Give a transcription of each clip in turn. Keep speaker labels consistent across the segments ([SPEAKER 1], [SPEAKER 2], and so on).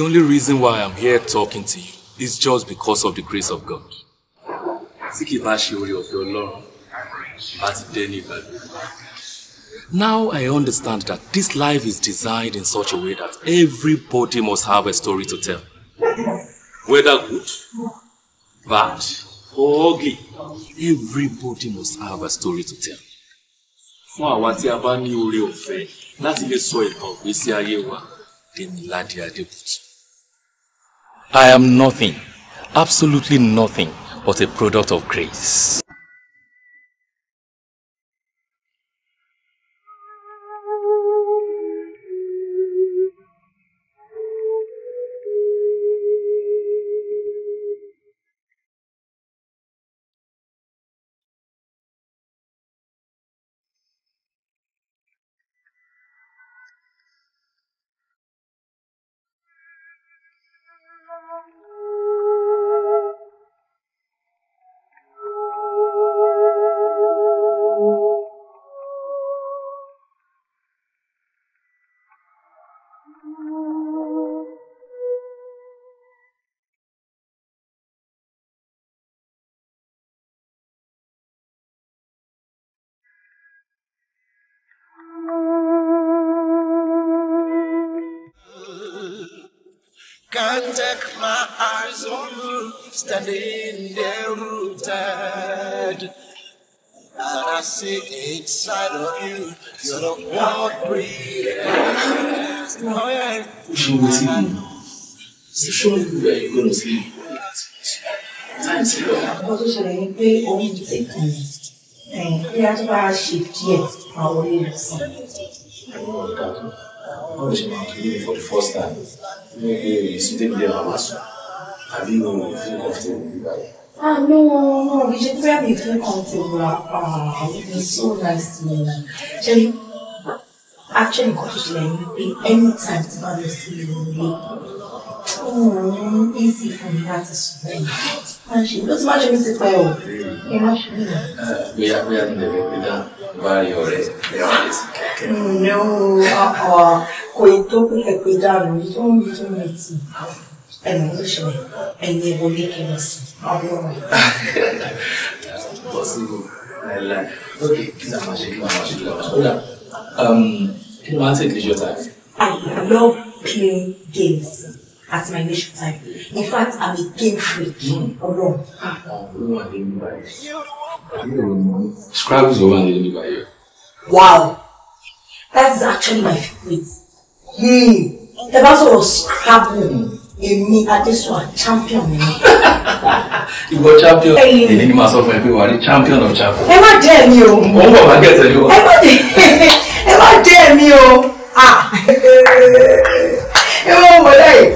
[SPEAKER 1] The only reason why I'm here talking to you is just because of the grace of God. Tí kì í bá ṣe oore Now I understand that this life is designed in such a way that everybody must have a story to tell. Whether good, bad, or ugly, everybody must have a story to tell. Fún àwa tí a bá ní oore ọ̀fẹ́ láti lè sọ ìtàn ìgbésí ayé wa, Demilade Adébùtù. I am nothing, absolutely nothing, but a product of grace.
[SPEAKER 2] standing there rooted. And I see inside of you, you're the one breathing. Oh,
[SPEAKER 3] yeah.
[SPEAKER 1] Ṣé ṣé sure ìgbọ́dọ̀ sí?
[SPEAKER 3] Àwọn tó ṣẹlẹ̀ ni pé orí ti tẹ̀ kàn yín. Ẹ̀yìn kí a tó bá ṣe díẹ̀ àwọn orí rẹ̀ sàn. Ọ̀rọ̀ ṣe máa
[SPEAKER 2] ń kí ní for the first time. Ní ìsúté mi dé màmá sùn. àbí mo ò fi kọ̀ọ̀tì mi báyìí.
[SPEAKER 3] Ah, no, no, we should probably feel comfortable. Ah, it would be so nice to meet you. actually, kò tó ṣẹlẹ̀ ní pé anytime tí mm, bá lọ sí ìlú ilé, ó ń easy fún mi láti sùn lẹ́yìn. Má ṣe ló ti má ṣe mí ti pẹ́ o. mí lọ. for me lati sun leyin ma se lo ti ma se
[SPEAKER 1] mi ti pe oe the se
[SPEAKER 3] we mm, uh-uh. don't boya mi le No, gbé dá bá rí ọ̀rẹ́ rẹ̀ tó you don't need to meet me. ẹnu ló ṣẹlẹ̀ ẹni ẹbọ ní kí lọ sí ọlọ́run.
[SPEAKER 1] possible ẹlẹ ok kí ni a máa ṣe kí ni a máa ṣe um, kí ni a máa ṣe
[SPEAKER 3] I love playing games at my leisure time in fact I'm a game freak hmm. ọlọ́run. ọlọ́run wà nínú báyìí
[SPEAKER 1] scrabble ló wà nínú
[SPEAKER 3] báyìí. wow that is actually my favorite. Hmm. the bá sọ̀rọ̀ scrabble èmi Adésùwà champion ni.
[SPEAKER 1] ìwọ champion èyí ni màá sọ fún ẹ pé wà á rí champion of champion. ẹ
[SPEAKER 3] má dẹ́ mi o. mo ń bọ̀ wá gẹ̀ẹ́sẹ̀ yìí wá. ẹ má dẹ́ mi o. ẹ má wọlé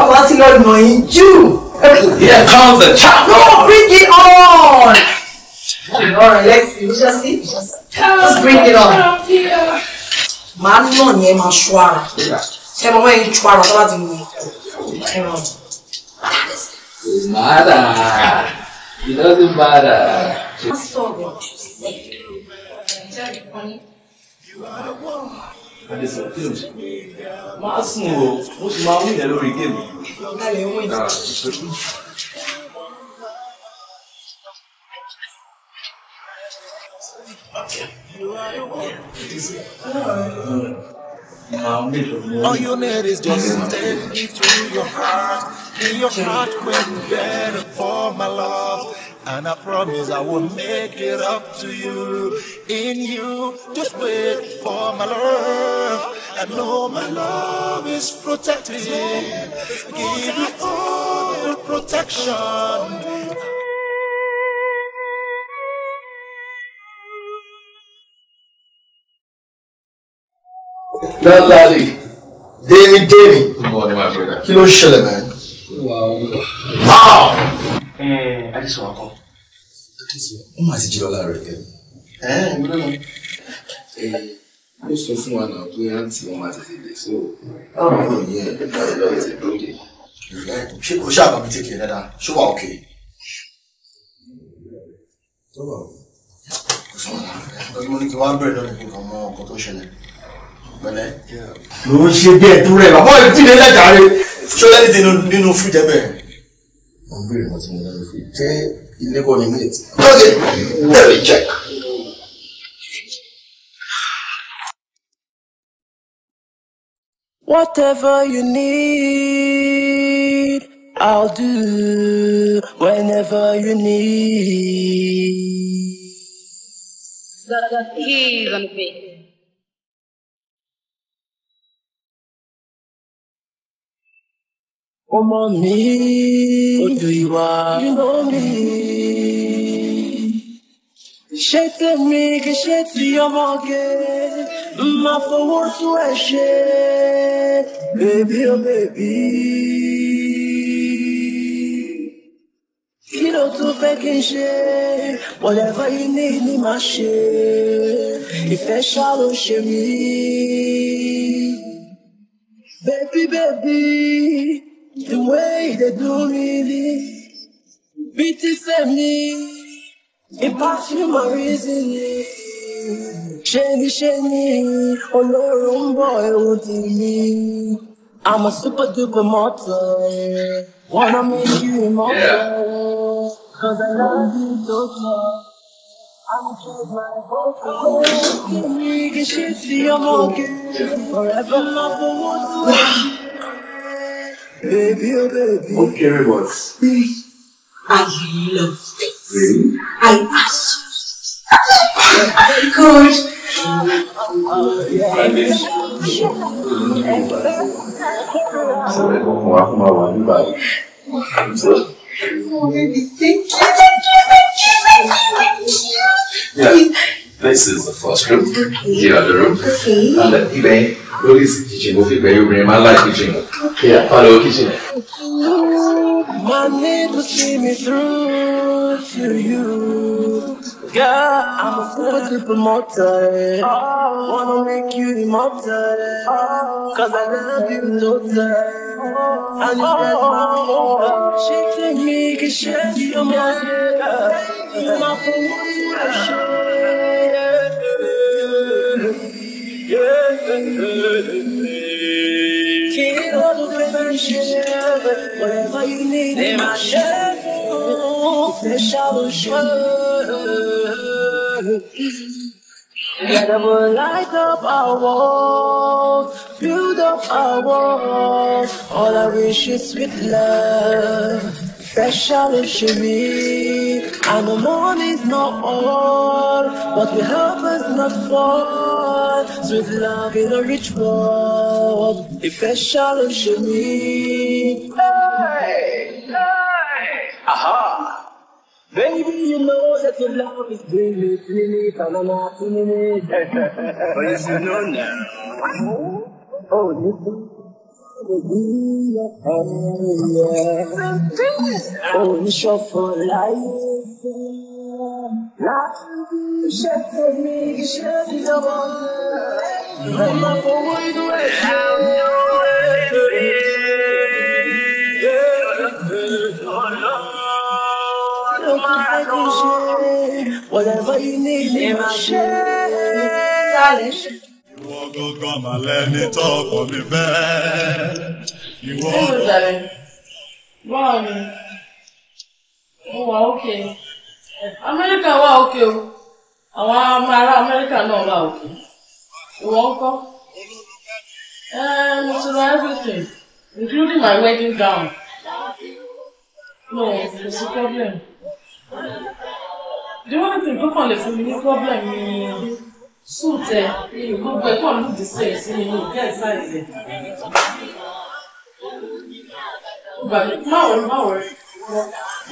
[SPEAKER 3] àwa ti lọ nà yín jù. Here comes the champion. No, bring it on. All right, let's see. Just see. Just bring it on. Màá nà ni ẹ máa ṣọ́ ara. Ṣé ẹ máa wọ́n yẹn ṣọ́ ara tó bá ti mú un. It
[SPEAKER 1] matter. It doesn't matter.
[SPEAKER 3] Just talk what you say. Tell the funny.
[SPEAKER 2] Adé sọ kí ló ṣe? Máa sùn o, mo sì máa wí ìyẹn lórí géèmù. Lálẹ́ wọ̀nyí.
[SPEAKER 1] Okay. You are the one. All
[SPEAKER 2] you need is just take me to your heart. In your heart will better for my love. And I promise I will make it up to you. In you, just wait for my love. I know my
[SPEAKER 3] love is protected. Give me all
[SPEAKER 4] protection. lálàlì dèmi dèmi kí ló ṣẹlẹ̀ mẹ́rin.
[SPEAKER 2] adisọ akọ ó mà ti jí ọlá rẹ kẹ. ẹ ẹ gbọ́dọ̀ lọ. ó sọ fún wa náà pé àǹtí wọn máa tètè dé so oh. àwọn ọmọ yẹn nígbà yẹn lọ tètè dóde. ṣé kò ṣáà bàbá tètè dáadáa ṣó wà òkè. tó bá wà. kò sọ̀rọ̀ náà ọdún mo ní kí wọ́n á bẹ̀rẹ̀ lọ́dún kí n kàn mọ ọkọ̀ tó ṣẹlẹ̀ ló ń ṣe bí ẹdún rẹ bàbá yìí ti lè lẹjàre. ṣọlá ti nínú fíjẹ bẹ́ẹ̀. mo ń béèrè mo ti mú nínú ilé kọ́ ni mate. ok let me
[SPEAKER 3] Whatever you need, I'll do
[SPEAKER 4] whenever you need. He's on the ọmọ mi odò ìwà ìwọ mi. ṣé tèmi
[SPEAKER 3] kì í ṣe ti ọmọge máa fowó tún ẹ ṣe bèbí ó oh, bèbí. kí ló tún fẹ́ kí n ṣe whatever you need ni màá ṣe ìfẹ́ ṣá ló ṣe mí. Baby, baby, The way they do me this, pity save me. It pass you my Shiny, Shady, shady, Ọlọ́run bọ̀ ẹ̀wọ̀n ti me. I'm a super duper mortal. Wanna make you immortal. Yeah. Cause I love you so much. I'm told my vocal. Give we a shit to your market. Forever love for what's Oh, okay, rewards. Please. I love this. Really? I must. oh, God. you. Oh, baby,
[SPEAKER 4] thank you, thank you, thank you, thank you,
[SPEAKER 3] thank you.
[SPEAKER 1] This is the first room. Okay. Here are the room.
[SPEAKER 3] Okay. And
[SPEAKER 1] the Ibe, Louis kitchen, go fit
[SPEAKER 2] very very my life kitchen. Yeah, hello kitchen.
[SPEAKER 3] My need will see me through to you. Girl, I'm a super duper mortal. Wanna make you immortal. Cause I love you total. And you got my heart. Shake me, can shake your mind.
[SPEAKER 4] Thank you, my fool.
[SPEAKER 3] كيرضوا بالشباب والغيلين ما شافوا فشلوا شوال Let them light up our world, build up our world. All I wish is with love, fresh out of Shemi. And the morning's not all, but we help us not fall. Sweet love in a rich world, ìfẹ́ ṣá ló ṣe mí. Aha! Baby, you know that your love is bringing me to me, Panama to me.
[SPEAKER 4] But if you know now.
[SPEAKER 3] Oh, you do. Oh, you sure for life. شفت
[SPEAKER 4] بيك شفت
[SPEAKER 3] غمض وعيد ولا غيني اللي مشى معلش ìwọ gangan mà lẹni tó ọkọ mi
[SPEAKER 4] fẹ́. ìwọ.
[SPEAKER 3] báwo ni
[SPEAKER 5] mo Okay. amẹ́ríkà wà òkè o àwọn ọmọ ará amẹ́ríkà náà wà òkè ìwọ ń kọ́ mo ti ra everything including my wedding gown no kò sí problem the only thing tó kàn lè fún mi ní problem ni suit ẹ gbogbo ẹ kàn lùdì sí ẹ sí mi ní ìkẹ́ ẹ̀ size ẹ gbàgbé máa wọlé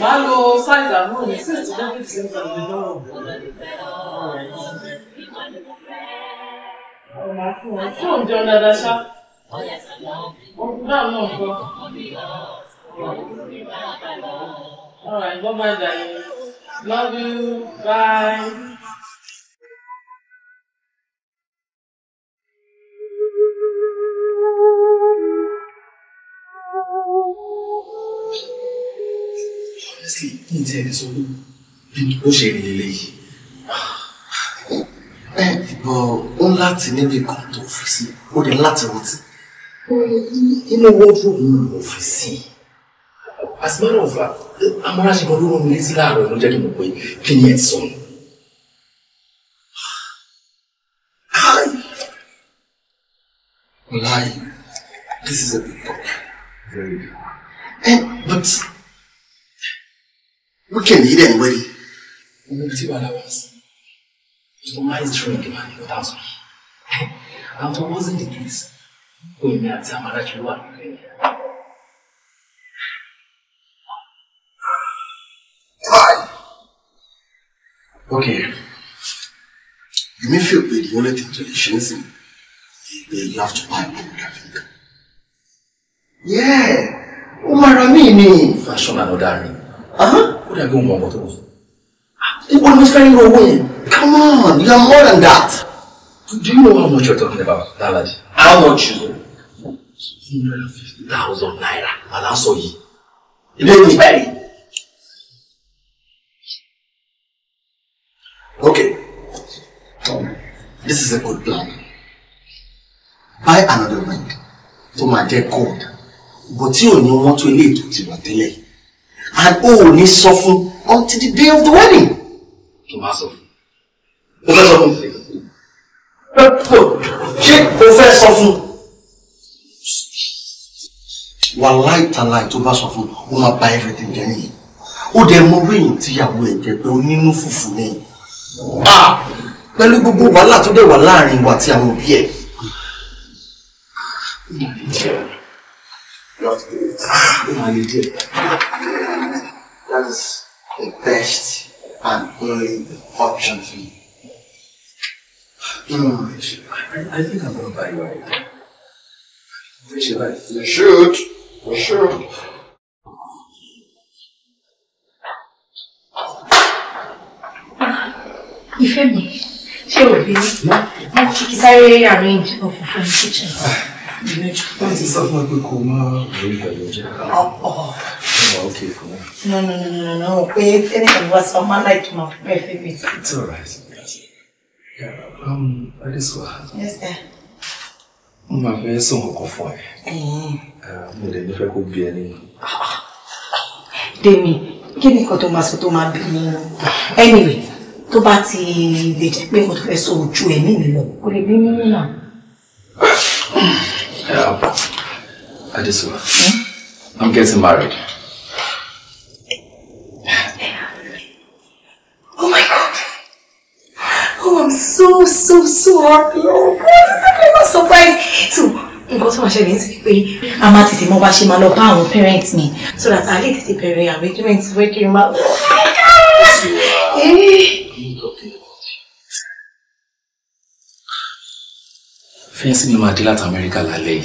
[SPEAKER 5] màá lo size àbúrò mi six to seven percent of the dollar.
[SPEAKER 3] ọmọ fún wọn tí òun jẹun dáadáa ṣá
[SPEAKER 4] òun náà náà kọ. All right, bye bye, darling. Love you. Bye.
[SPEAKER 2] honestly kí n tiẹ̀ lè sọ bí ó ṣe rí eléyìí. ẹ ìbọn ó ń láti níbi kan tó fi sí ó dé láti rántí. inú wardrobe mi mo fi sí i as a matter of fact
[SPEAKER 1] amúnáṣẹ́gun ló rán mi létí láàárọ̀ ló jẹ́ kí mo pé kí ni ẹ ti sọnù.
[SPEAKER 4] Lying. This is a big problem. Very good. And, eh, but
[SPEAKER 2] Weekend yìí dẹ̀ ń wẹ́rí. Omi tí wàhálà wá sí. Mo máa ń tún ìgbà ní ọ̀tá sọ. Àwọn tó wọ́n sì ń dìde sí. Fún èmi
[SPEAKER 5] àti Amara jù wà lórí ẹ̀.
[SPEAKER 2] Okay. Èmi fi òpè di only thing to the shinsin. They you have to buy oh, me with that Yeah! Ó máa Fashion and ordering. Uh-huh ó dàbí òun ọ̀gbọ̀n tó sọ. níbo ni mo fẹ́ come on you are more than that. do you know how much you are talking about Dalaji how much you know. two hundred and fifty thousand naira aláṣọ yìí ilé ìwé bẹ́ẹ̀ ni.
[SPEAKER 4] Okay. this is a good plan. Buy another ring
[SPEAKER 2] to máa jẹ́ gold, but you only want to lead to ètò tiwa and o ò ní sọ fún until the day of the wedding. tó máa sọ fún
[SPEAKER 5] mo fẹ́ sọ fún ṣé o fẹ́ sọ fún.
[SPEAKER 2] wàláì tàláì tó bá sọ fún o máa bà everything jẹ́ nìyí ó dẹ̀ mọ wíyìn tíyàwó ẹ̀ jẹ́ pé onínú fùfù ni pẹ̀lú gbogbo wàhálà tó dẹ̀ wà láàrin wa àti àwọn òbí ẹ̀.
[SPEAKER 4] Yeah. You have to do it. That is the best and only option for you. Mm. I, I think I'm going to buy you right. Which you like? You should. You should.
[SPEAKER 3] Ìfẹ́ mi, ṣé o bí wọ́n kí sáré arrange òfófó ní for Wọ́n ti sọ fún ẹ pé kò máa rí ìgbàlódé.
[SPEAKER 4] Ọ̀pọ̀. Oh, okay. fún No,
[SPEAKER 3] no, no, no, no, no. Wait, anything was on my light my Wait, It's all right.
[SPEAKER 4] Yeah, um, I just Adesua. Yes, sir.
[SPEAKER 1] Mo máa so sọ nǹkan kan fún ẹ. Mo lè ní fẹ́ kó bí ẹ nínú.
[SPEAKER 4] Dèmi,
[SPEAKER 3] kí ni nǹkan tó máa sọ tó máa bí nínú? Anyway, tó bá ti lè jẹ́ pé mo tó fẹ́ sọ ojú ẹ̀mí mi lọ, kò lè bí nínú náà.
[SPEAKER 1] Adesua, I'm getting married.
[SPEAKER 3] so so happy oh god i'm so surprised so nǹkan tó máa ṣẹlẹ̀ ní ti pé a máa tètè mọ bá ṣe máa lọ bá àwọn parents mi so that a lè tètè bẹ̀rẹ̀ arrangement wey kí n máa lọ.
[SPEAKER 1] fẹ́ǹsì mi máa dé láti amẹ́ríkà lálẹ́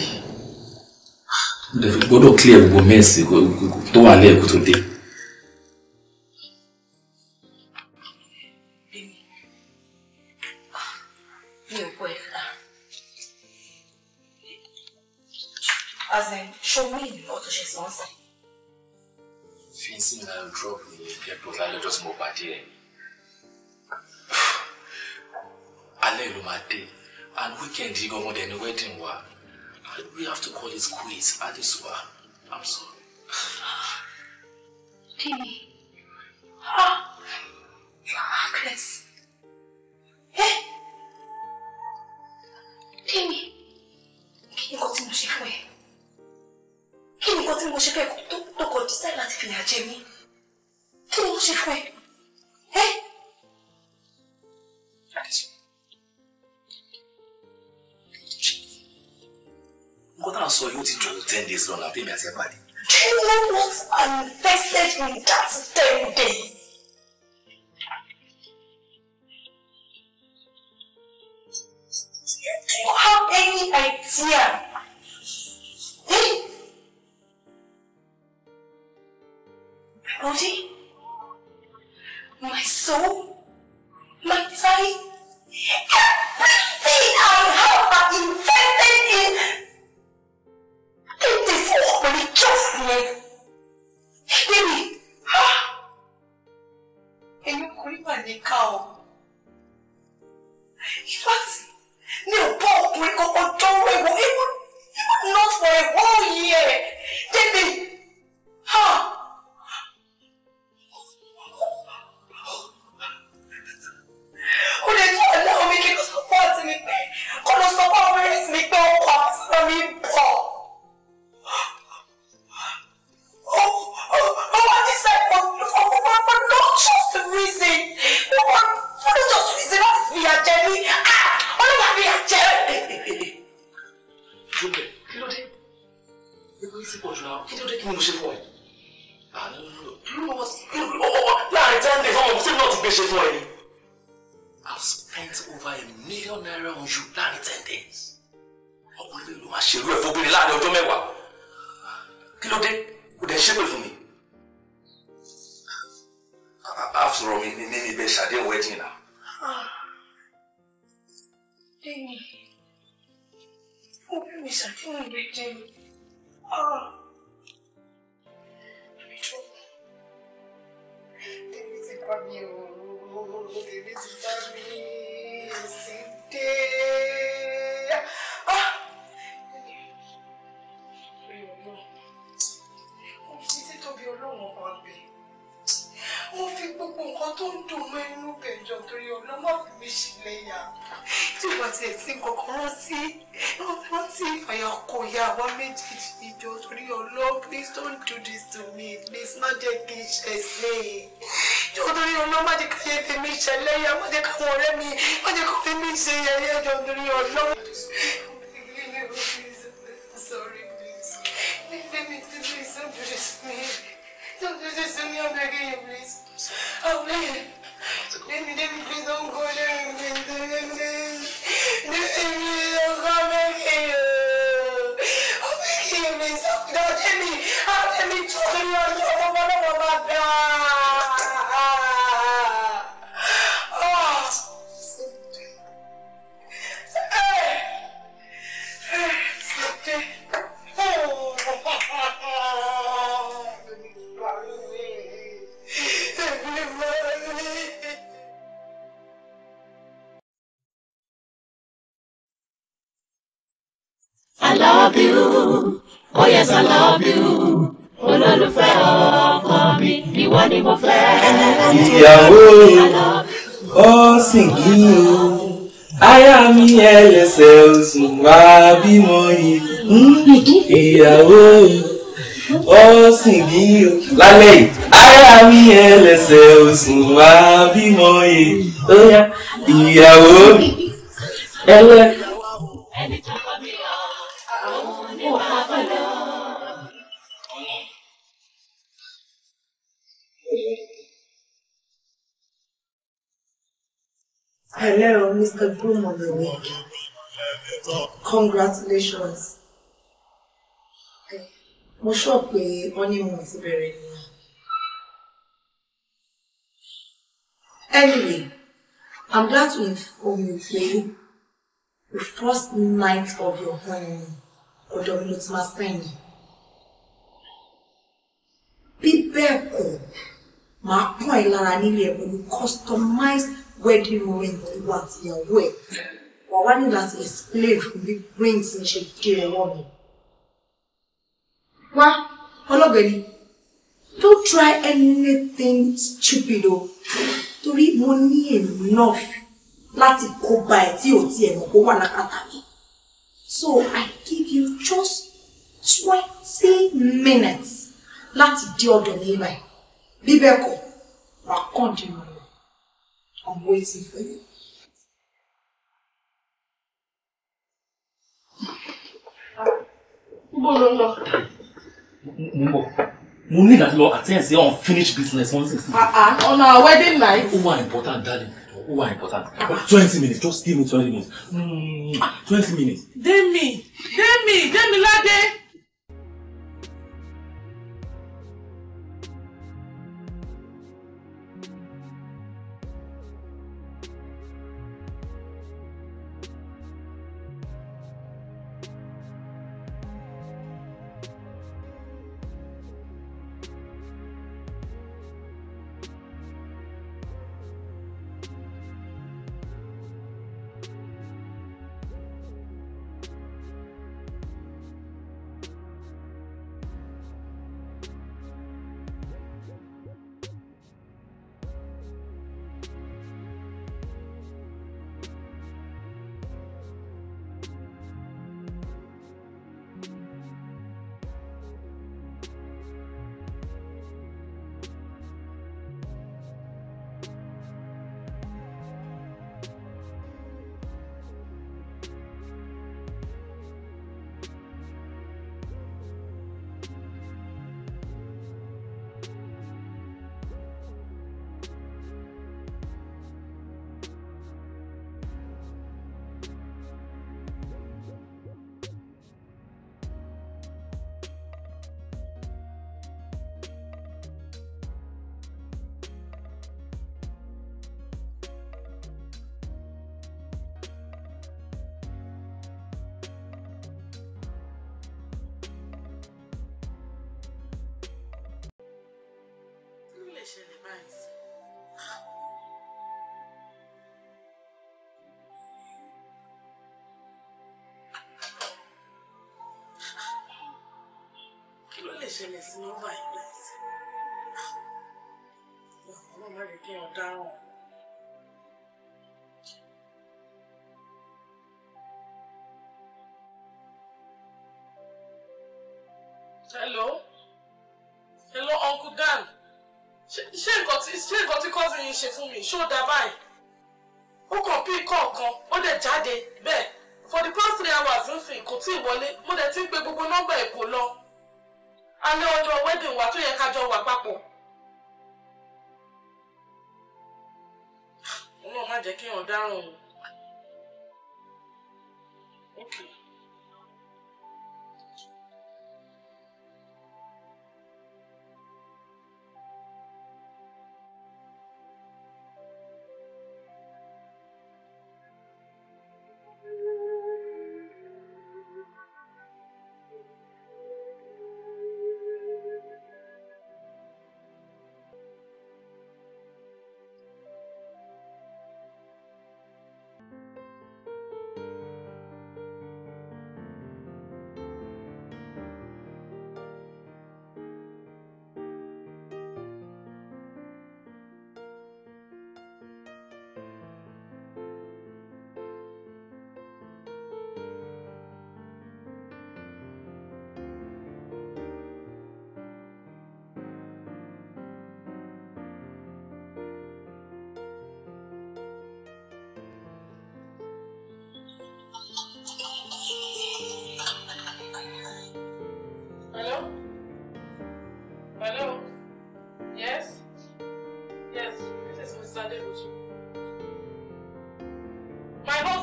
[SPEAKER 1] yìí gbọ́dọ̀ clear gbogbo mẹ́ẹ̀sì tó wà lẹ́ẹ̀kú tó dé.
[SPEAKER 3] ṣòwò ìlú náà tó ṣe sponsor. fi sí mi lára
[SPEAKER 1] drop ní airport lálẹ́jọ́ tí mo pàdé ẹ̀. alẹ́ ló máa dé and weekend yìí gan-an dẹ̀ ni wedding wa we have
[SPEAKER 5] to call it quits at this wa i'm sorry.
[SPEAKER 4] Timmy, ah, you are heartless. Eh? Pini, kí ni kò tí mo
[SPEAKER 3] kí ni nǹkan tí mo ṣe fẹ́ tó kọ dísáì láti fìyà jẹ mí
[SPEAKER 4] kí ni mo ṣe fún ẹ. nǹkan
[SPEAKER 3] tá
[SPEAKER 1] à ń sọ yóò ti jòwó ten days lọ́la tèmi àti ẹ̀ pàdé.
[SPEAKER 3] Do you know what I invested in that ten days? Do you have any idea? Hey? body, my soul, my time, everything I have I invested in. It is only just me. Baby, ha! Èmi kò rí màá ní ká o. In fact, mi ò bá ọkùnrin kankan dánwó ẹ̀wọ̀ even not for a whole year. video
[SPEAKER 1] ìyàwó ó sì bí lálẹ́ yìí ara mi ẹlẹ́sẹ̀ òsùn wá bímọ yìí ó yá ìyàwó
[SPEAKER 4] ẹlẹ́. Hello,
[SPEAKER 3] Mr. Broom on the week. Congratulations mo sọ pé honeymoon ti bẹ̀rẹ̀ nìyẹn. Anyway, I'm glad to inform you pé the first night of your honeymoon ọ̀dọ̀ mi ló ti máa spend. Bí bẹ́ẹ̀ kọ́, màá pọ́n ẹ lára nílé ẹ pẹ̀lú customized wedding ring ìwà àtìyàwó ẹ̀. Wà wá ní láti explain fún bí rings ń ṣe dé ẹ̀rọ mi wá ọlọ́bẹ̀ ni don't try anything stupid o torí mo ní enough láti kó ba ẹ̀ tí ò tiẹ̀ mọ̀ kó wà lákàtà mi so I give you just twenty minutes láti dé ọ̀dọ̀ ní ibà bí bẹ́ẹ̀ kọ́ wà kàn dín mi I'm waiting for you.
[SPEAKER 5] Bolo lọ
[SPEAKER 1] mo ń bọ̀ mo ní láti lọ attend sí unfinished business one sixty. Ah,
[SPEAKER 5] ah, on our wedding night.
[SPEAKER 1] Who are important darling Who are important ah, twenty minutes just give me twenty minutes
[SPEAKER 5] hmm, twenty minutes. demi demi demi lade. ṣẹlẹ̀ sí nọ́mbà yìí láìsí. Ah, ọlọ́run má kí n ọ̀daràn. Hello? Hello, Uncle Dan. Ṣé nǹkan tí ṣé nǹkan tí cousin yín ṣe fún mi? Ṣé ó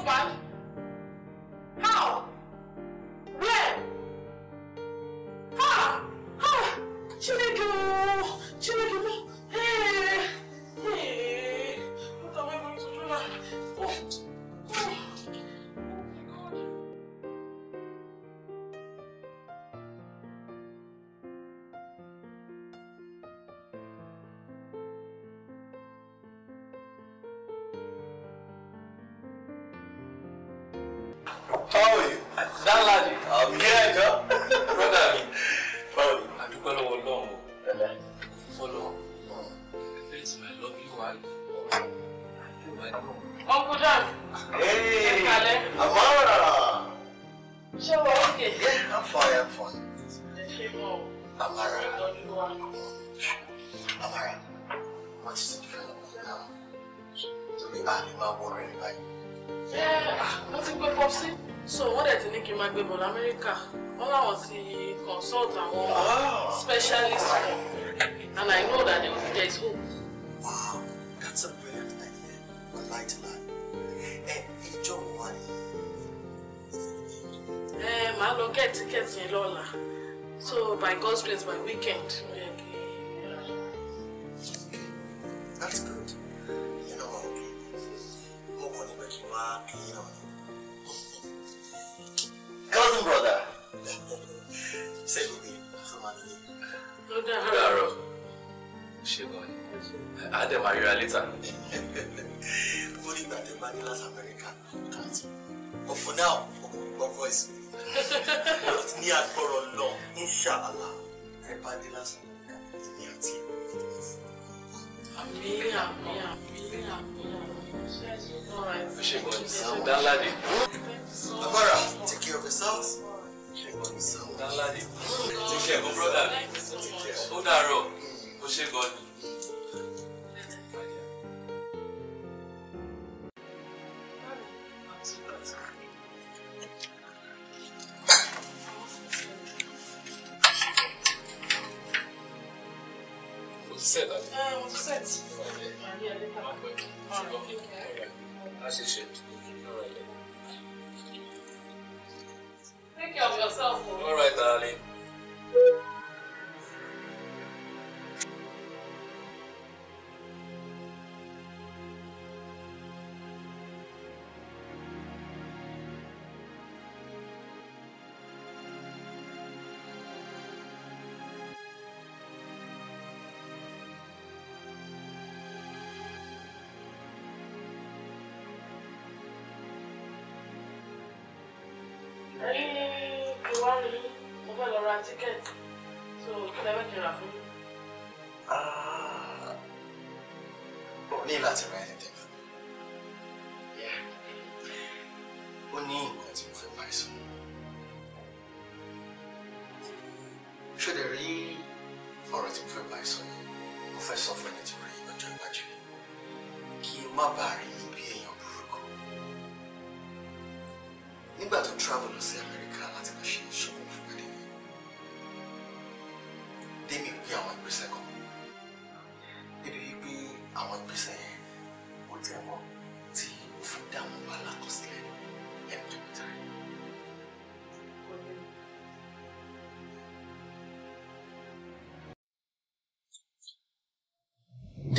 [SPEAKER 5] wá
[SPEAKER 4] Abara, take care of yourselves.
[SPEAKER 5] Take care of yourself.
[SPEAKER 1] Take care, my brother.
[SPEAKER 4] Take care. Ó
[SPEAKER 1] dàárọ̀. Ó ṣe gan ni.
[SPEAKER 5] romantic kids.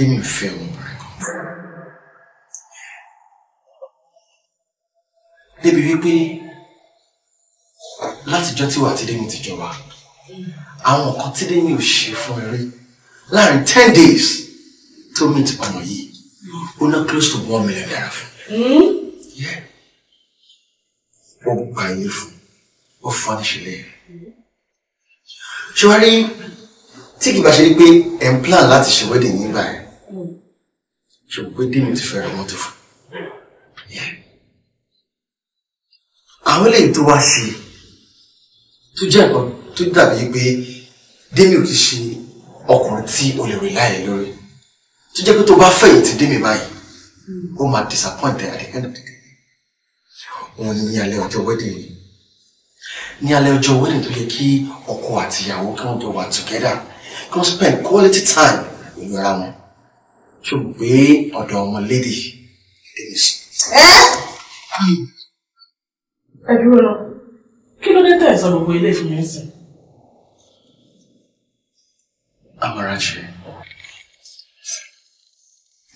[SPEAKER 4] dé mi fẹ́ wọn.
[SPEAKER 2] débi wípé látijọ́ tí wàá ti dé mi ti jọba àwọn nǹkan tí mi ò ṣe fún ẹ láàrin ten days tó mi ti pàmò yìí ó ná close to one million naira fún wọ́n kò ka yín fún ó fún àníṣẹlẹ̀ ṣé wàá rí tí kì bá ṣe rí pé ẹ̀ ń plan láti ṣe wedding nígbà yẹn ṣe pé díìnì ti fẹ́ ra mọ́tò fún àwọn eléyìí tó wá sí i tó jẹ́ nǹkan tó dàbí pé démi ò ti ṣe ọkùnrin tí o lè rìn láàyè lórí tó jẹ́ pé tó bá fẹ̀yìn ti démi báyìí ó máa disappoint at the end of the day òun ni alẹ́ ọjọ́ wedding yìí ní alẹ́ ọjọ́ wedding tó yẹ kí ọkọ àti ìyàwó kí wọ́n jọ wà together kí wọ́n spend quality time pẹ̀lú ara wọn ṣó gbé ọ̀dọ̀ ọmọlédè èmi sí.
[SPEAKER 5] Hmm. ẹ dúró lọ kí ló dé tẹ̀ sọ gbogbo ilé ìfún mi sìn.
[SPEAKER 4] Amarachi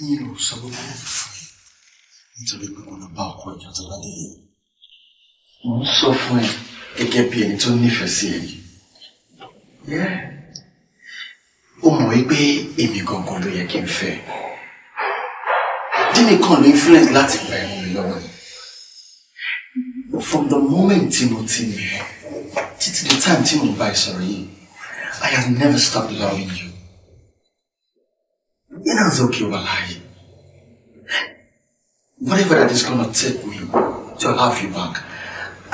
[SPEAKER 2] mi ò sọ gbogbo nítorí pé mo lọ bá ọkọ ìjọ tó lálẹ́ yìí mo ń sọ fún ẹ gẹ́gẹ́ bí ẹni tó nífẹ̀ẹ́ sí ẹ yìí ó mọ̀ wípé èmi gangan ló yẹ kí n fẹ́ dín nìkan ló influence láti gba ẹ̀mú mi lọ́wọ́ ni from the moment tí mo ti ní títí the time tí mo bá ìsọ̀rọ̀ yìí I have never stopped loving you yín náà zókè wà láàyè whatever that is gonna take me to have you back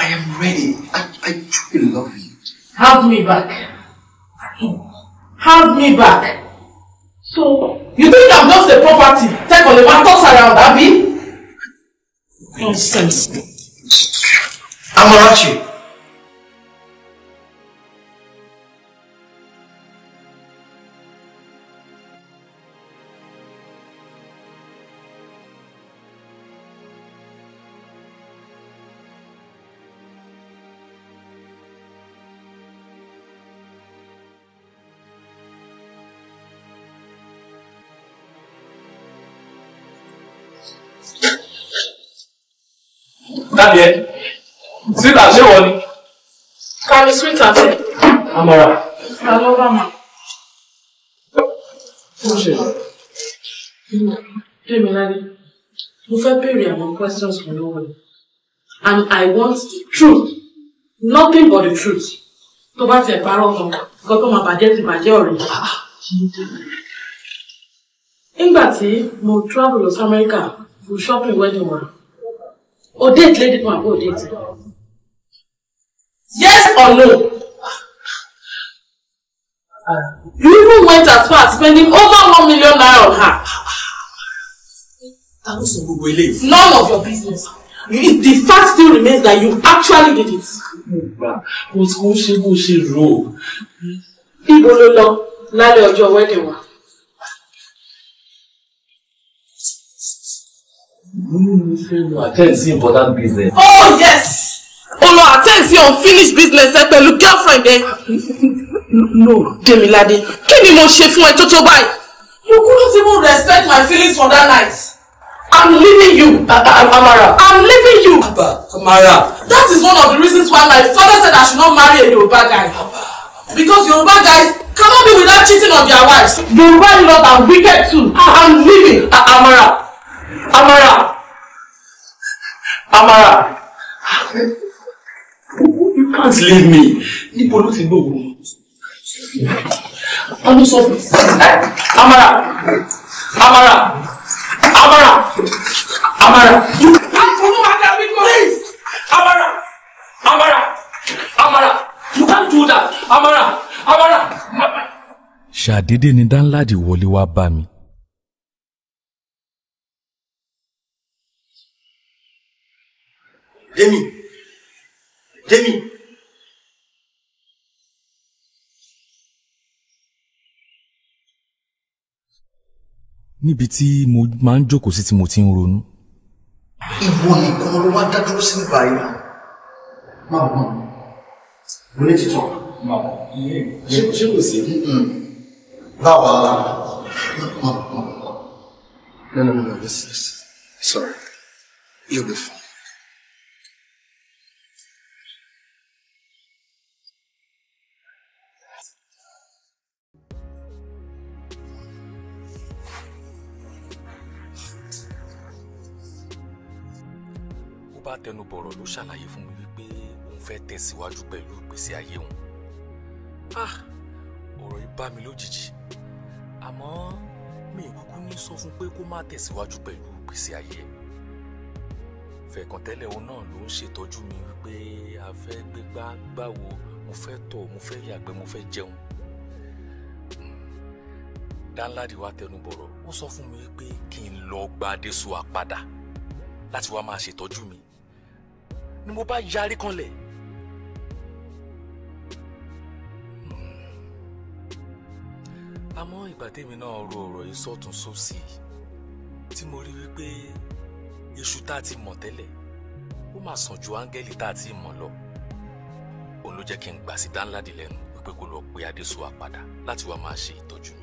[SPEAKER 2] I am ready I, I truly love you.
[SPEAKER 5] Have me back. Hmm. Have me back. So, you think I'm just a property? Take all the matters around, Abby?
[SPEAKER 4] Nonsense. Amarachi.
[SPEAKER 5] dábì ẹ síta ṣé wọ ni. kàmi síta tẹ. amọ̀ra. àlọ́bà mà. ó ṣe. èmi lálẹ́ mo fẹ́ béèrè àwọn questions kan lọ́wọ́ rẹ̀ and I want the truth nothing but the truth tó bá tiẹ̀ parọ́ ọ̀tàn nǹkan tó máa bàjẹ́ ti bàjẹ́ ọ̀rẹ́ nígbà tí mo travel to America for fún shopping wedding wa o date lady kan àbí o date yes or no you even went as far as spending over one million naira on her.
[SPEAKER 2] ta ló sọ gbogbo eléyìí. none
[SPEAKER 5] of your business. You, the fact still remains that you actually did it. who's who she who she ṣe People, no, ibo ló lọ lálẹ́ ọjọ́ wedding wa.
[SPEAKER 1] attend sí important business.
[SPEAKER 5] Oh yes! Oh, o lọ attend sí unfinished business ẹ eh, pẹ̀lú girlfriend ẹ. Eh. No, Demilade, kí ni mo ṣe fún ẹ tó tó báyìí? You couldn't even respect my feelings for that night. I'm leaving you, uh, Amara. I'm leaving you. Abba,
[SPEAKER 1] Amara.
[SPEAKER 5] That is one of the reasons why my father said I should not marry a Yoruba guy. Abba. Because Yoruba guys cannot be without cheating on their wives. Yoruba lovers are wicked too. I'm leaving, uh, Amara. Amara. Amara! You can't leave me. Níbo ló ti gbóògùn mi? Wọ́n ló sọ fún mi. Amara! Amara! Amara! Amara! You can't do that with police! Amara! Amara! Amara! You can't do that!
[SPEAKER 4] Amara! Amara!
[SPEAKER 1] Ṣàdédé ni Danladi wọlé wá bá mi.
[SPEAKER 4] Demi Demi.
[SPEAKER 1] níbi tí mo máa ń jókòó sí tí mo ti ń ronú.
[SPEAKER 4] ìwọ nìkan ló
[SPEAKER 2] wá dá sí nípa yìí máa bọ̀ mo ní títọ́ máa bọ̀ ṣé kò sí. báwa la máa bọ̀. no no no no this is sorry you'll be fine.
[SPEAKER 1] àtẹnubọ̀rọ̀ ló ṣàlàyé fún mi wípé òun fẹ́ tẹ̀síwájú pẹ̀lú ìgbésí ayé òun. ah ọ̀rọ̀ yìí bá mi lójijì àmọ́ mi ì kúkú ní sọ fún pé kó má tẹ̀síwájú pẹ̀lú ìgbésí ayé ẹ̀. fẹ̀kàntẹ́lẹ̀ òun náà ló ń ṣètọ́jú mi wípé a fẹ́ gbégbá gbáwo mo fẹ́ tọ̀ mo fẹ́ yàgbẹ́ mo fẹ́ jẹun. Hmm. Danladi wa tẹnubọ̀rọ̀ ó sọ fún mi pé kí n lọ gba Adésùwà padà láti wá máa ṣètọ́jú mi ni mo bá yarí kanlẹ̀. Hmm. àmọ́ ìgbà tèmi náà ro ọ̀rọ̀ yìí sọ́tún sósì tí mo rí wípé iṣu tá a ti mọ̀ tẹ́lẹ̀ ó mà sàn ju áńgẹ́lì tá a ti mọ̀ lọ òun ló jẹ́ kí n gbà sí dáńládì lẹ́nu wípé kó lọ pe adéṣúwà padà láti wá máa ṣe ìtọ́jú mi.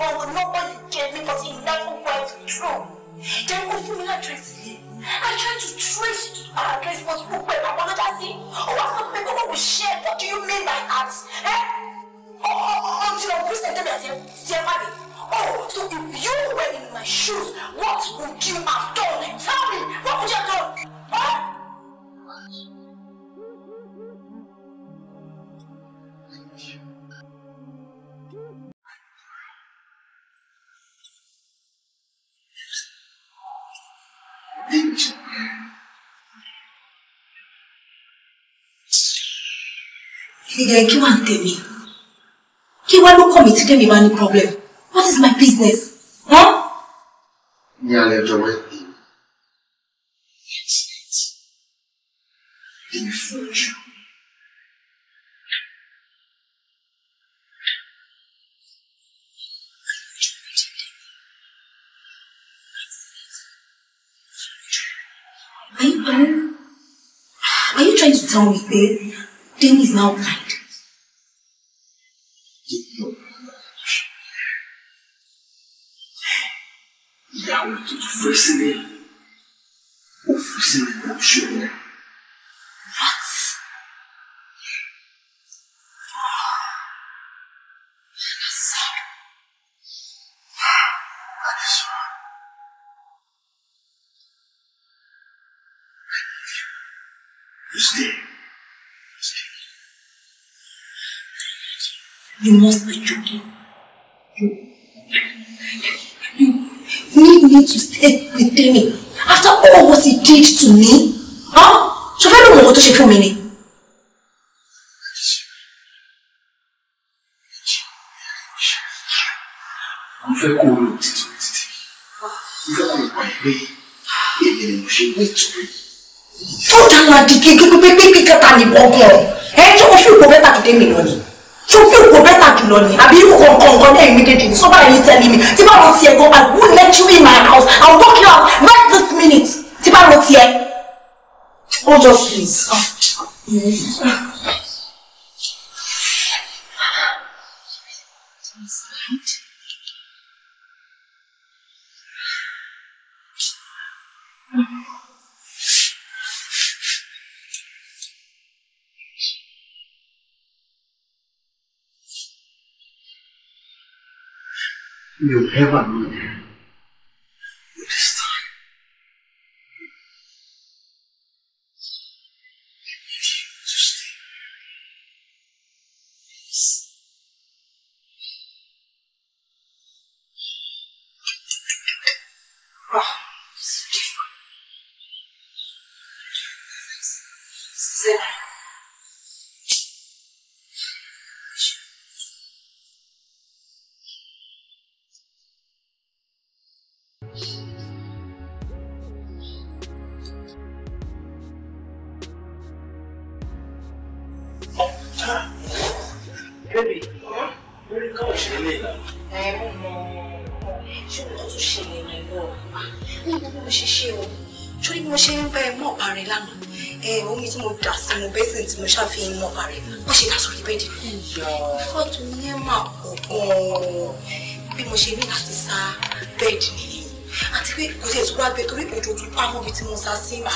[SPEAKER 3] on the number you gave me, but it never went through. Then go fún mi address yìí. I tried to trace it, to her address, but who went apologize sí? Ó wá sọ pé kókó kò ṣe é. What do you mean by that? Until I'm Christian, tell me as your family. Oh, so if you were in my shoes, what would you have done? Tell me, what would you have done?
[SPEAKER 4] yẹ kí wàá tèmi
[SPEAKER 3] and wàá ló kọ́ mi tí kẹ́mi bá ní problem what is my business?
[SPEAKER 4] ní alẹ́ ọjọ́ wẹ́ẹ̀dì èmi fún ojú.
[SPEAKER 3] Are you trying to tell me that Demi is now blind?
[SPEAKER 4] que tu veux s'aimer ou vous s'aimer pour jouer. What? You must be
[SPEAKER 3] dé mi after all what he did to me ṣe fẹ́ lóun nǹkan tó ṣe fún mi ni. mo fẹ́
[SPEAKER 2] kó o lò títí títí
[SPEAKER 3] mo fẹ́ to o wà pé èmi ni mo ṣe wí torí. tó dára di gégé pé pé pé kẹta ni wọ́n gan ẹ jẹ́ kó fún ìpò mẹ́ta tó dé mi lọ ni ṣó fi òkò bẹ́tà jùlọ ni àbí irú kankan kan lẹ́yìn méjèèjì ní sọ́bà yìí tẹ̀lé mi tí bá rọtí ẹ go. I will let you in my house I will walk you out right this minute tí bá rọtí ẹ. Oh just please. Oh.
[SPEAKER 4] Mm. 有黑幕。
[SPEAKER 3] tí mo sá sí ìta.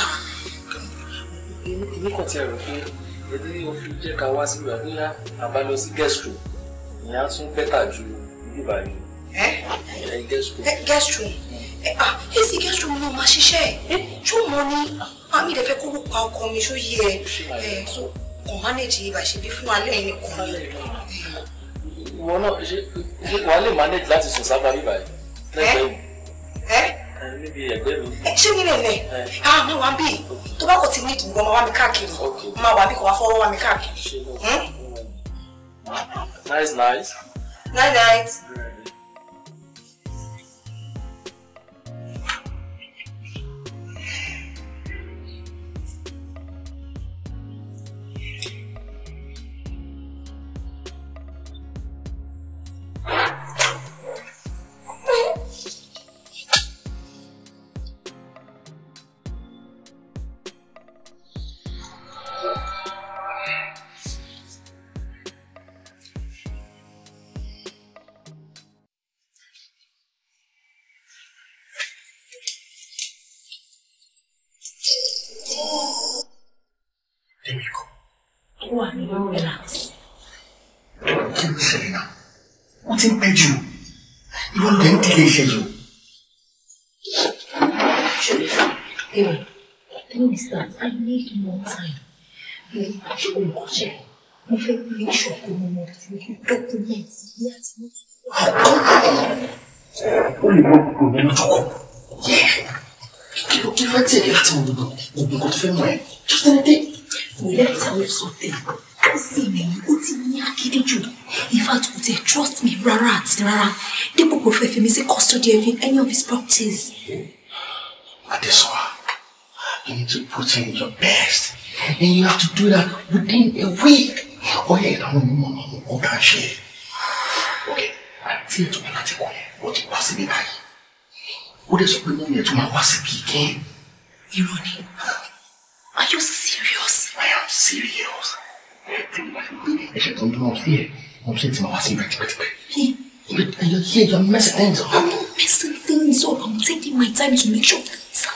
[SPEAKER 1] èmi kàn ti rò pé èdè yóò fi jẹ́ ká wá sí ìgbà bóyá àbálọ sí
[SPEAKER 2] guest ìyá tún bẹ́tà ju bíbá yìí.
[SPEAKER 3] ẹ ẹ guest room. Ah, guest room ah èsì guest room náà máa ṣiṣẹ́ ẹ̀ ṣó mọ ni àmì ìdẹ́fẹ́ kó ló pa ọkọ mi ṣó yẹ ẹ so kàn manage ibà ṣe bí fún alẹ́ yìí nìkan ni.
[SPEAKER 1] ìwọ náà ṣe wàá lè manage láti sùn sábà bíbá yìí lẹ́gbẹ̀ẹ́
[SPEAKER 2] ṣé mi lè lẹ̀
[SPEAKER 3] ah mi wà bí tó bá kò ti ní ìdìbò ọmọ wa mi káàkiri ọmọ wa bí kò wá fọwọ́ wa mi káàkiri. Hmm?
[SPEAKER 5] nice nice.
[SPEAKER 2] night night.
[SPEAKER 3] that I need more time. Mo ṣe o mọ̀ ṣe. Mo fẹ́ make sure pé mo mọ ti
[SPEAKER 4] mo document bí a ti mú.
[SPEAKER 3] O lè mọ gbogbo mi lójúkọ. Kí ló kí fẹ́ tẹ̀lé àti mo lò gbogbo nǹkan tó fẹ́ mọ̀ ẹ́? Just an day. Mo lè tell you something. Ó sì ní ó ti ní agídí jù. In fact, kò tẹ̀ trust me rárá àti rárá. Dípò kò fẹ́ fi mi custody of any of his properties.
[SPEAKER 2] Adéṣọ́wá. You need to put in your best.
[SPEAKER 3] And you have to do that within a week. Or yẹ ìdáhùn ní mọ̀ náà
[SPEAKER 2] ó kàn ṣe. Okay. àti ètò mi láti kọ̀ yẹn, ó ti wá síbi báyìí. Ó dẹ̀ sọ pé mọ̀ mi ẹ̀ tó máa wá síbi again.
[SPEAKER 4] Irọ́ ni.
[SPEAKER 3] Are you serious? I am serious.
[SPEAKER 2] Ẹ̀ṣẹ̀ tó ń dún ọ̀sí ẹ̀, mo ṣe ti máa wá síbi pẹ́tipẹ́tipẹ́. And you're here, you're messing things
[SPEAKER 3] up. I'm
[SPEAKER 4] not messing
[SPEAKER 3] things up. I'm taking my time to make sure things happen.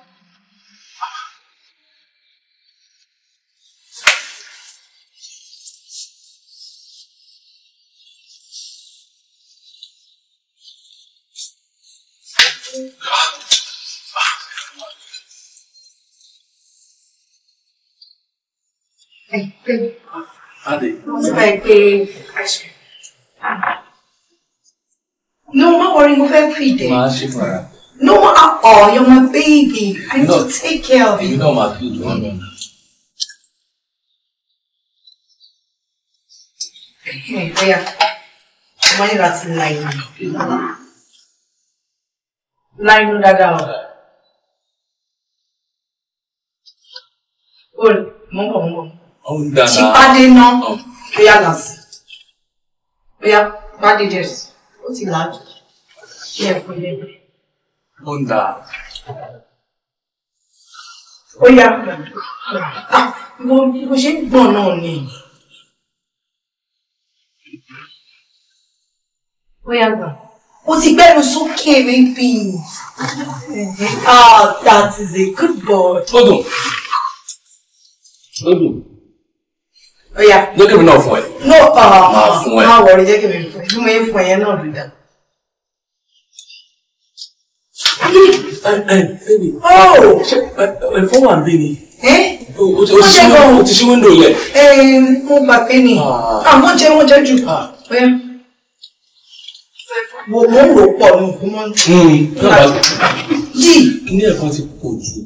[SPEAKER 3] Adé.
[SPEAKER 4] Mo ti bá ẹ pé
[SPEAKER 3] No, má at all, ah, oh, you're my baby. I need to take care of you. Èmi náà máa fi ìlú wọn lọ. Oya, ọmọ yìí láti la ìlú. La ìlú dáadáa o. Bọ́ọ̀lù, mọ̀ ń tí pàdé ná bóyá làásì bóyá pàdé jẹ ó ti làájú ní ẹ̀fọ́ yẹn. ó ń dà. ó yá bó ah, ṣe ń gbọ̀n náà ni. ó gbà ó ti gbẹ́nu sókè níbí. ah that is a good boy. ó dùn jẹ́ kí mi náà fún ẹ. no uh, máa uh, wọrí jẹ́ kí mi fún ẹ bí mo yẹ fún ẹ yẹn náà ló dà.
[SPEAKER 5] ẹ̀fọ́ wà ń bí ni.
[SPEAKER 1] o ti ṣí o ti ṣí wíńdò
[SPEAKER 3] yẹn. mo gbà pé ni àwọn ah. ah, jẹ wọn jẹ jù wo ah. mo ń rò pọ̀ ní
[SPEAKER 1] òkú yìí. kí ni ẹ̀kan ti pọ̀ jù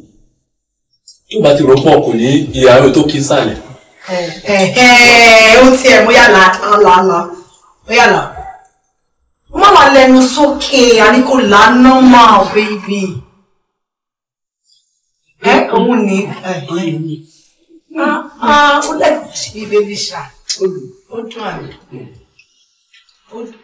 [SPEAKER 1] tó bá ti rò pọ̀ kò ní ìyàwó tó kí sálẹ̀
[SPEAKER 3] ó ti ẹ̀ bóyá là là là bóyá là má wà lẹ́nu sókè àníkò là normal oh, baby ẹ òun ni
[SPEAKER 4] ó lẹ́nu
[SPEAKER 3] sí baby ṣá ó dùn àná
[SPEAKER 4] ó dùn.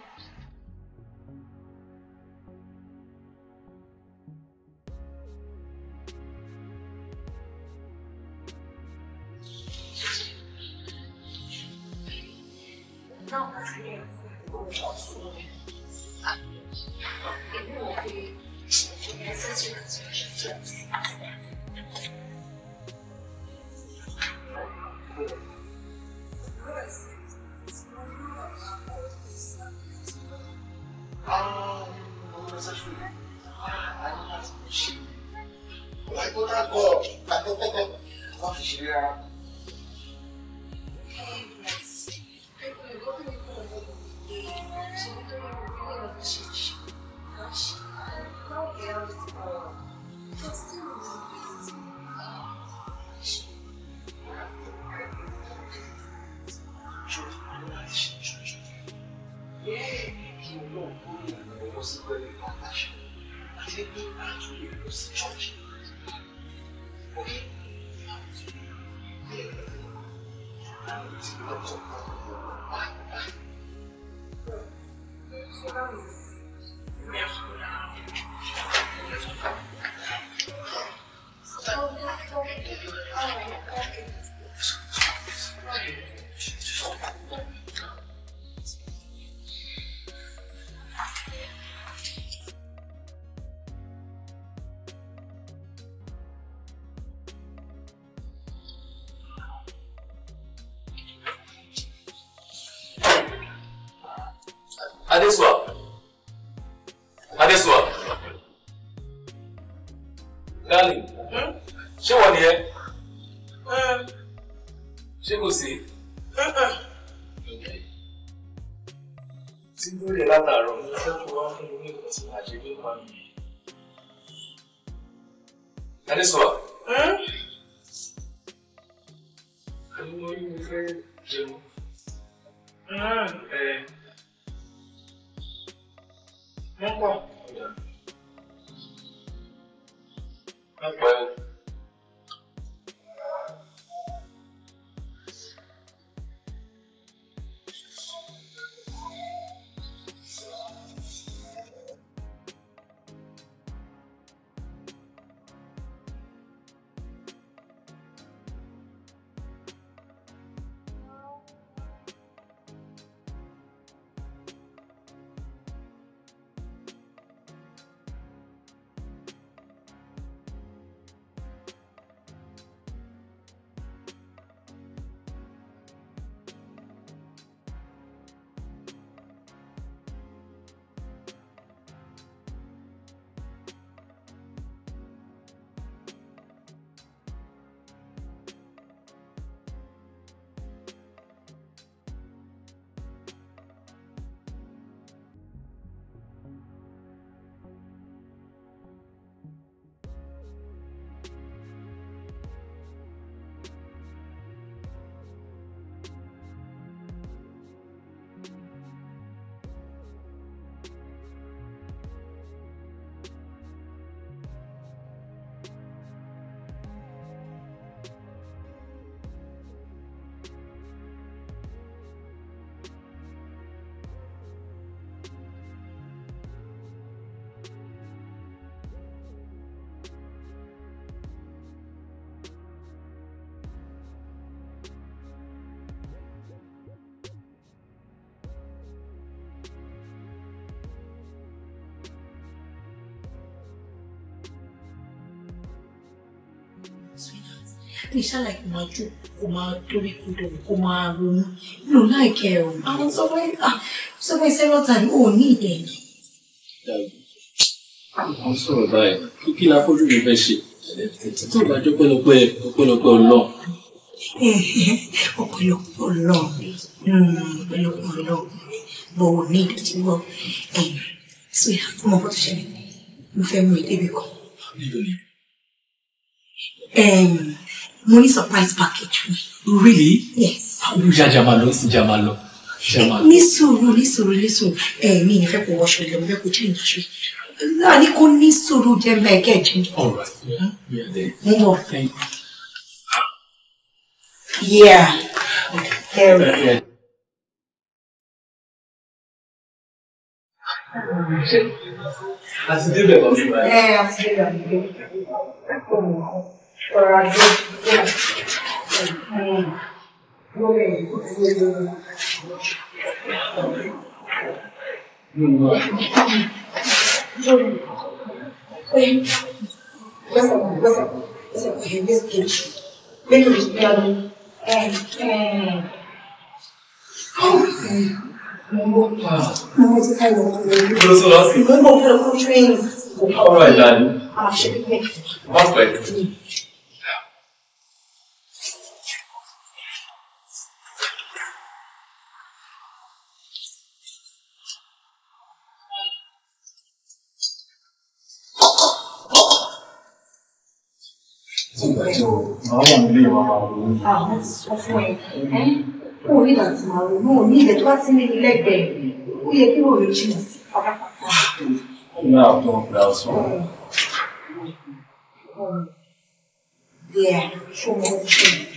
[SPEAKER 4] Thank you.
[SPEAKER 3] kì ṣàlàyé kò máa jó kò máa torí kodò kò máa ronú nínú láìkẹ́ ẹ̀ o àwọn sọ́wọ́ ah, sọ́wọ́ several times ò ní ìdẹ̀yìn. àwọn
[SPEAKER 1] sọ̀rọ̀ báyìí kíkí la fojú mi fẹ́ ṣe tó bá jọ pẹ́lọpẹ́ ọpẹ́lọpẹ́ ọlọ́ọ̀.
[SPEAKER 3] ọpẹ́lọpẹ́ ọlọ́ọ̀ bọ̀ ò ní ìdíwọ́ so ìyá tó mọ̀ bó ṣẹlẹ̀ mo fẹ́ mú ìdébì kan. Money surprise package fún mi. really? yes. àwùjá jàmá
[SPEAKER 1] lọ sí jàmá lọ. ní
[SPEAKER 3] sùúrù ní sùúrù ní sùúrù ẹ̀mí ìfẹ́ kò wọṣọ ilé mo fẹ́ kó jẹ́ ìnáṣọ náà ní kó ní sùúrù jẹ́ mẹ́ẹ̀kẹ́jì.
[SPEAKER 4] all right We are there. mo mọ̀. Yeah. Okay. Um, yeah. That's a good one. Yeah, that's a good ọ̀rọ̀ àjọ All right, àwọn ọmọ ilé ìwà máa ronú. àwọn ti sọ fún ẹ kó o ní láti máa ronú òní ilẹ̀
[SPEAKER 3] tó bá ti ní ilẹ̀gbẹ̀ẹ́ ó yẹ kí wọ́n rí jìnnà sí pátápátá.
[SPEAKER 2] ìyá àtọ̀ ọ̀gá sọ.
[SPEAKER 4] Yeah, sure, sure.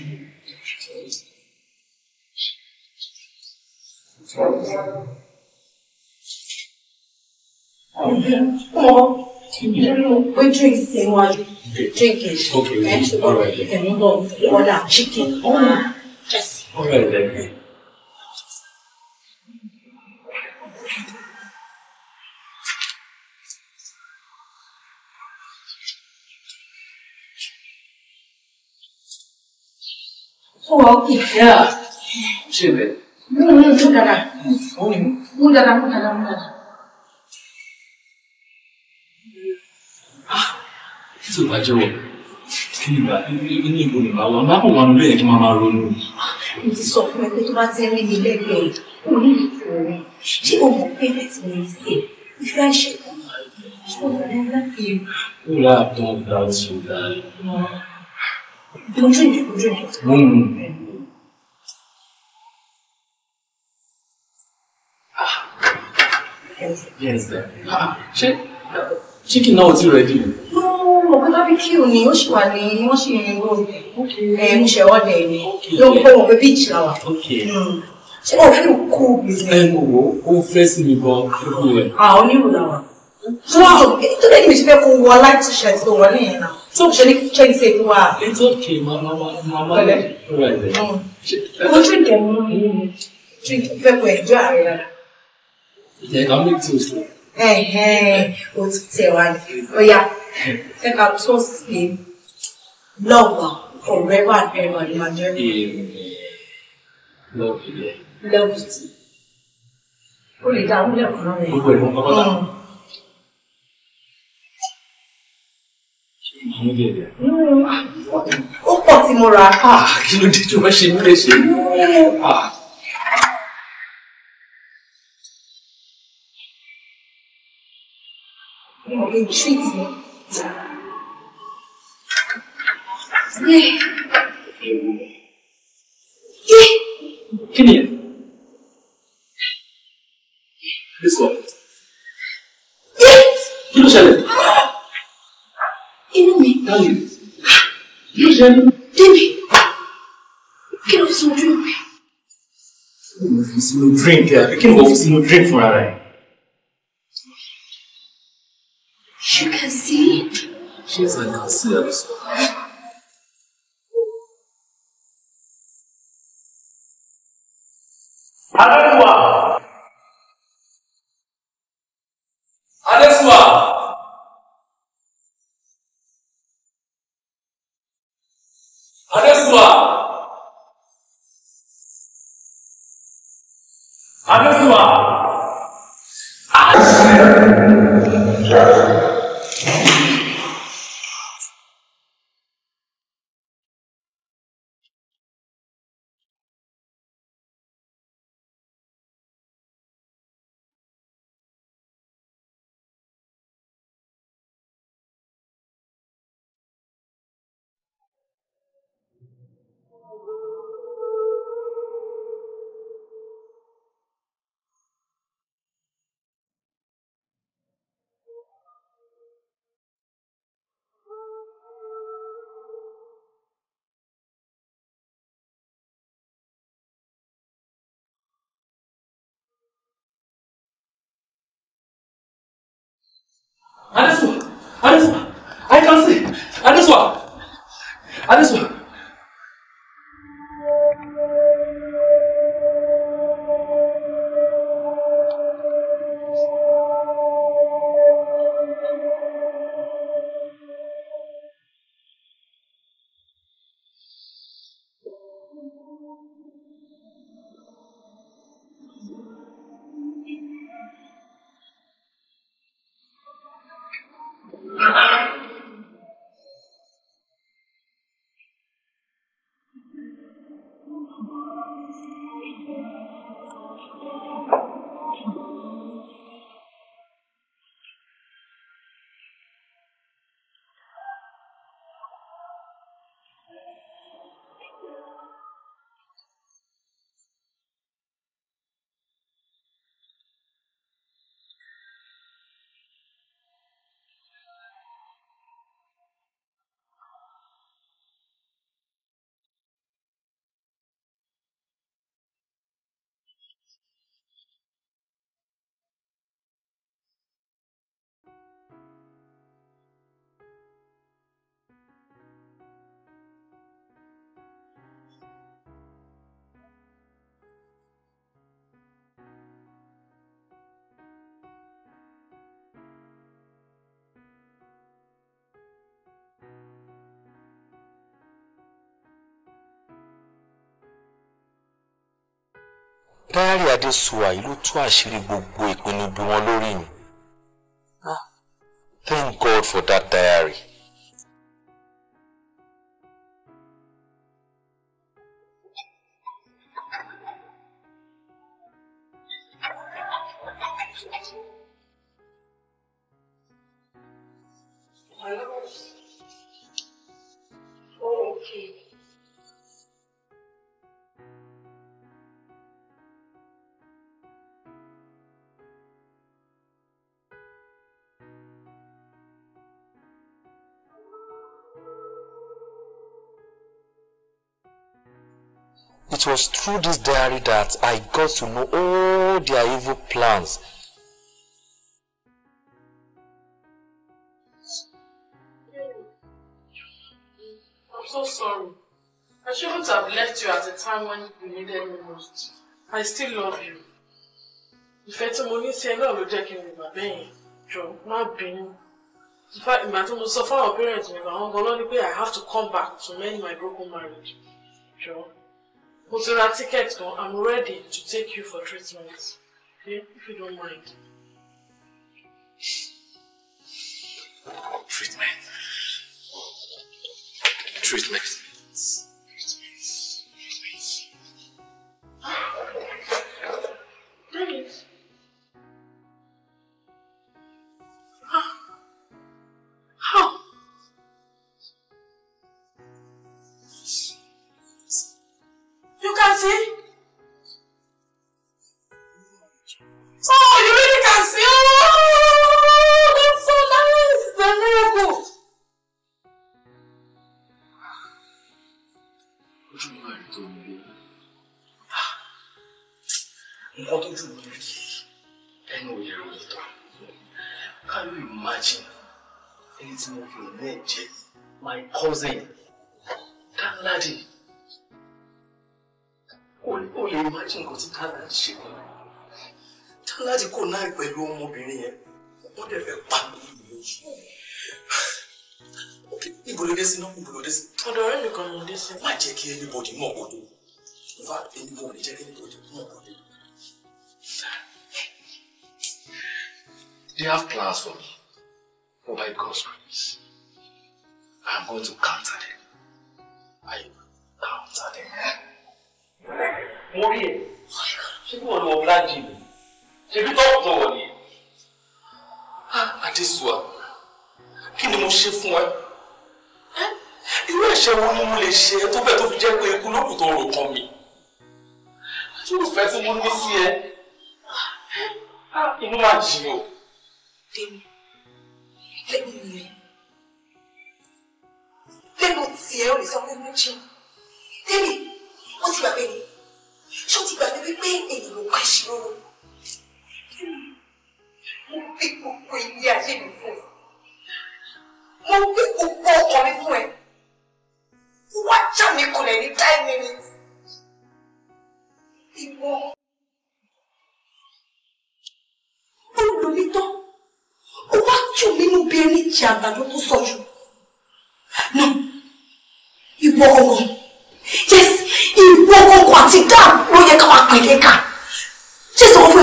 [SPEAKER 3] Ọmọ, ìdúró pé Tracy wájú drinking. Okay, and okay. all right. You can move with order
[SPEAKER 4] chicken. Oh, just. All right, then.
[SPEAKER 3] Oh, okay. Yeah. no, No, no, no, no, no, no, no,
[SPEAKER 4] no, no, no,
[SPEAKER 5] no, no, no, no, no,
[SPEAKER 1] tí ò bá jẹ́wọ́ kí ni bá ní ìbò ní bá wà bá kàn wà lórí kí máa máa ronú.
[SPEAKER 3] mo ti sọ fún ẹ pé tó bá ti rí mi lẹ́gbẹ̀ẹ́ kò ní ìtì ṣé o mọ̀ pé láti mi ní sí ìfẹ́ ṣe kọ́ ṣé o mọ̀ láti
[SPEAKER 5] ó rà àtọ̀ ọ̀gá ọ̀sẹ̀
[SPEAKER 3] ojú ìdí ojú ìdí.
[SPEAKER 5] Hmm. Yes, sir. Ah, ah. ṣé chicken náà
[SPEAKER 1] ti
[SPEAKER 3] rẹ̀ dì? mọ̀ pé barbecue ni ó ṣì wà ní wọ́n ṣì ń ro ẹ̀mú eh, ṣe ọ̀dẹ̀ ni ló ń kọ́ wọn pé beach la wà. Hmm. ṣé o feel cool business. ẹ kò
[SPEAKER 1] wo ó fẹ́ sí mi gan fífi rẹ̀.
[SPEAKER 3] à ó ah, ní ìrùlà wa. tó wà tó dé níbi tí fẹ́ kó wọ light t-shirt tó wọ nìyẹn náà tó ṣe ní chain tape wa. it's okay mama mama rẹ rẹ. mo drink ẹ̀ mú mi drink fẹ́ kó ẹ̀jọ́ àrẹ rárá.
[SPEAKER 5] ìjẹ́ mi tí sọ.
[SPEAKER 3] ẹ̀hẹ́n o ti tẹ̀ wá ní Take a toast him. Lover forever and ever
[SPEAKER 4] and ever. Love you.
[SPEAKER 3] Love you too. O lè dá wúlẹ̀ fún mi. Gbogbo ẹ̀ ló ń kọ́kọ́ dà. Ó pọ̀ tí mo ra. Ah,
[SPEAKER 5] kí ló dé tí o ṣe mí léṣe? Mm. Ah.
[SPEAKER 4] Mo lè treat me. Snake. Come here. This one. Kí ló
[SPEAKER 3] ṣẹlẹ̀? Inú mi. Dálì. Kí ló ṣẹlẹ̀? Débi. Kí ló fi sínú drink mi?
[SPEAKER 4] Kí ló fi sínú drink ẹ̀ àbí kí ló
[SPEAKER 1] fi drink
[SPEAKER 4] You can see. She has a can see. Heaven Adesua! Adesua! I can see! Adesua! Adesua! Dárí Adésùwà yìí ló tú àṣírí gbogbo ìpinnu bí wọn lórí mi. Ah, thank God for that was through this diary that I got to know all their evil plans. I'm
[SPEAKER 5] so sorry. I shouldn't have left you at a time when you needed me most. I still love you. If I mo ní sí ẹ náà ló jẹ́ kí n lè bà bẹ́yìn. Jọ má bínú. Ìfà appearance. tí mo sọ fún àwọn I have to come back to mend my broken marriage. Jọ mo your ticket kan i'm ready to take you for treatment
[SPEAKER 4] okay if you don't mind. treatment treatment.
[SPEAKER 2] ṣe mí tán láti kó náà pẹ̀lú ọmọbìnrin yẹn wọ́n dẹ̀ fẹ́ pa mí lóyún
[SPEAKER 1] ìgbòlódé sí náà ìgbòlódé sí. ọ̀dọ̀ ọ̀rẹ́ mi kan ló dé sí. má jẹ́ kí anybody
[SPEAKER 2] mọ̀ kó dé nfa anybody jẹ́ kí anybody mọ̀ kó dé. They have plans for me, For my God's grace, I am going to counter them. I counter
[SPEAKER 1] them. Mori. Oh my ṣé bí wọn ni wọn láàjì mi ṣé bí tọ́pù wọn ni. àdéṣùwà kí ni mo ṣe fún ẹ irú ẹ̀ṣẹ̀ wo ni mo lè ṣe ẹ tó bẹ́ẹ̀ tó fi jẹ́ pé ikú
[SPEAKER 5] lókùn tó rò kan mi irúfẹ́ tí mo ní sí ẹ
[SPEAKER 3] inú máa jì o. lẹ́nu lẹ́nu rẹ̀ lẹ́nu tiẹ̀ ò lè sọ pé mo jẹun lẹ́nu wọ́n ti gbàgbé ni ṣó ti gbàgbé wípé èèyàn ló pa ìṣirò mo gbé gbogbo ilé ayé mi fún ẹ mo gbé gbogbo ọkàn mi fún ẹ wá já mi kulẹ̀ ní ten minutes ìwọ ó lò wá jù nínú bí ẹni jẹ àgbàdo tó sọ jù náà ìwọ ọmọ ìwọ kọkọ àti gam ló yẹ ká máa pè léka ṣé sọ fún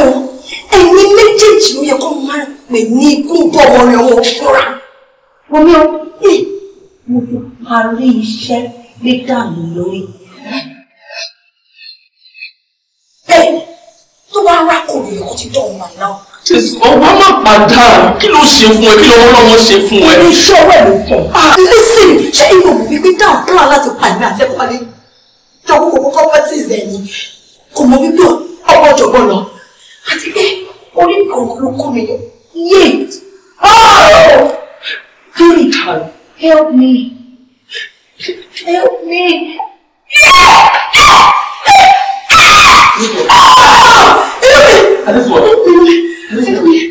[SPEAKER 3] ẹ ẹni méjèèjì ló yẹ kó máa pè ní ikú bọ ọmọ rẹ wọn fúnra omi o mo ti parí iṣẹ́ lé dànù lórí. ẹ tó bá rákòrò yẹ kó ti dọ̀ ọmọ náà. Jésù ọba má padà kí ló ṣe fún ẹ kí lọ́wọ́ lọ́wọ́ ṣe fún ẹ. iṣẹ́ ọwọ́ ẹ̀ ló pọ̀. Lísìn ṣé ìwọ̀n mi gbé plan láti pàdé àti ẹ̀kọ́ pàdé jọkókòkò properties ẹ̀ ni kò mọ wípé ọmọ ọ̀jọ̀gbọ́n lọ àti pé orí kọ̀ọ̀kan ló kọ́ mi yé oh! lórí ìtàn help me help me. Yeah! Yeah! Yeah! Ah! Help me! Help me! Help me!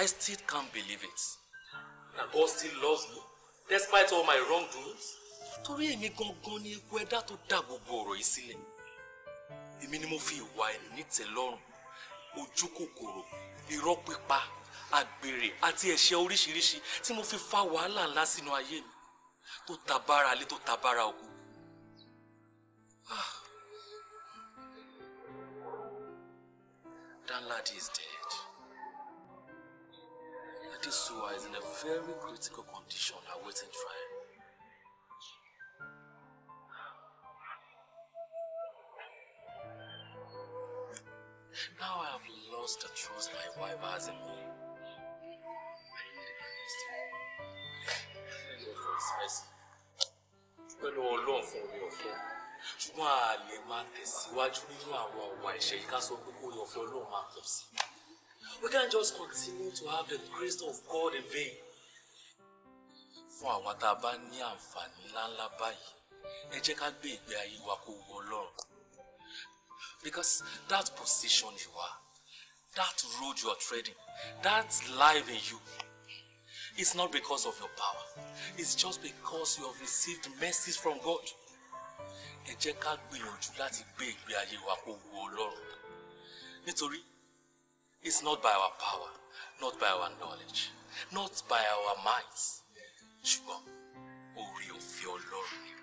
[SPEAKER 1] I still can't believe it. That God still loves me despite all my wrongdoings. Torí èmi gangan ni eku ẹ̀dá tó dá gbogbo ọ̀rọ̀ yìí sílẹ̀. Èmi ni mo fi ìwà ẹ̀mí nítẹ̀lọ́rùn, ojú kòkòrò, irọ́ pípa, àgbèrè àti ẹ̀ṣẹ̀ oríṣiríṣi tí mo fi fa wàhálà ńlá sínú ayé mi tó tabára alé tó tabára òkú. Ah. Danladi is dead. This Suwa is in a very critical condition awaiting trial.
[SPEAKER 5] Now I have lost the trust my wife has in me.
[SPEAKER 1] Pẹ̀lú Ọlọ́run fún orí ọ̀fẹ́. Ṣùgbọ́n a lè máa tẹ̀síwájú nínú àwọn ọ̀wà ìṣẹ̀yíká sọ pé kó orí ọ̀fẹ́ Ọlọ́run máa pọ̀ sí i. We can't just continue to have the grace of God in vain. Fún àwa tá a bá ní àǹfààní ńláńlá báyìí, ẹ jẹ́ ká gbé ìgbé ayé wa kó wọ Ọlọ́run. Because that position you are, that road you are treading, that life in you, it's not because of your power. It's just because you have received mercy from God. Ẹ jẹ́ ká gbìyànjú láti gbé ìgbé ayé wa kó wọ Ọlọ́run. Nítorí It's not by our power, not by our knowledge, not by our minds. Ṣùgbọ́n orí
[SPEAKER 4] òfin your ni